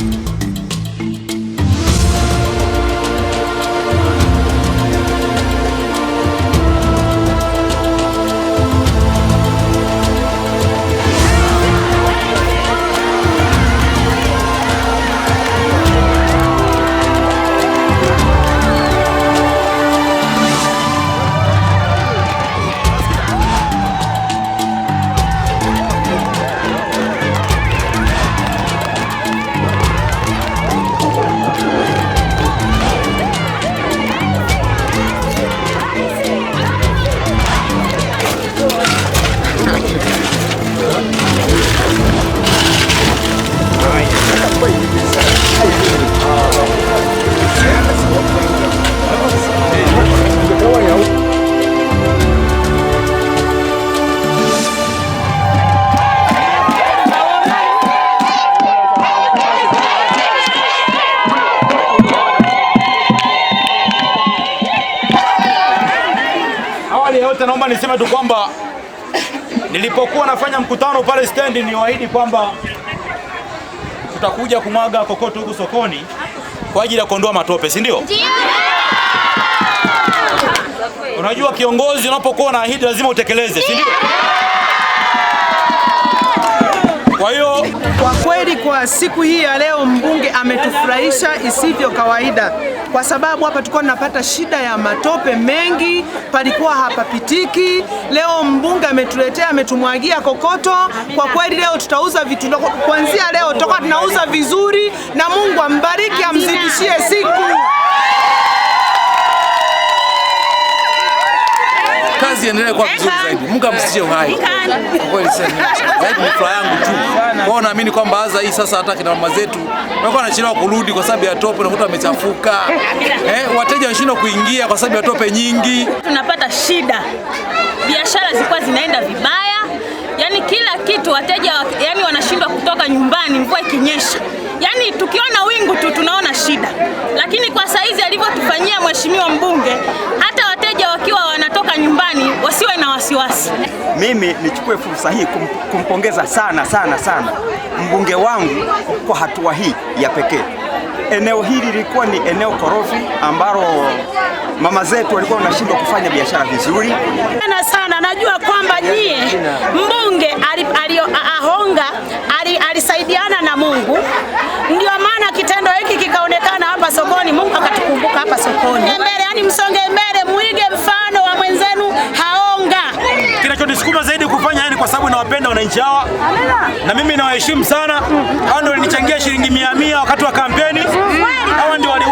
Thank you. naomba niseme tu kwamba nilipokuwa nafanya mkutano pale stendi, niwaahidi kwamba tutakuja kumwaga kokoto huku sokoni kwa ajili ya kuondoa matope, si ndio? Unajua kiongozi unapokuwa na ahidi lazima utekeleze, si ndio? Kwa kweli kwa siku hii ya leo mbunge ametufurahisha isivyo kawaida, kwa sababu hapa tulikuwa tunapata shida ya matope mengi, palikuwa hapapitiki. Leo mbunge ametuletea, ametumwagia kokoto. Kwa kweli leo tutauza vitu, kuanzia leo tutakuwa tunauza vizuri, na Mungu ambariki, amzidishie iendelee kwa vizuri zaidi. Mungu amsitie uhai. Kwa kweli zaidi ni furaha yangu tu. Kwa hiyo naamini kwamba Aza hii sasa hata kina mama zetu wanakuwa wanachelewa kurudi kwa sababu ya tope, kuta wamechafuka. Eh, wateja wanashindwa kuingia kwa sababu ya tope nyingi. Tunapata shida. Biashara zilikuwa zinaenda vibaya. Yaani kila kitu wateja yani wanashindwa kutoka nyumbani mvua ikinyesha. Yaani tukiona wingu tu tunaona shida. Lakini kwa saizi alivyotufanyia mheshimiwa mbunge wasiwasi. Mimi nichukue fursa hii kum, kumpongeza sana sana sana mbunge wangu kwa hatua hii ya pekee. Eneo hili lilikuwa ni eneo korofi ambalo mama zetu walikuwa wanashindwa kufanya biashara vizuri sana sana. Najua kwamba nyie mbunge alio ahonga wananchi hawa, na mimi nawaheshimu sana. Hao ndio walinichangia shilingi mia mia wakati wa kampeni, hawa ndio wali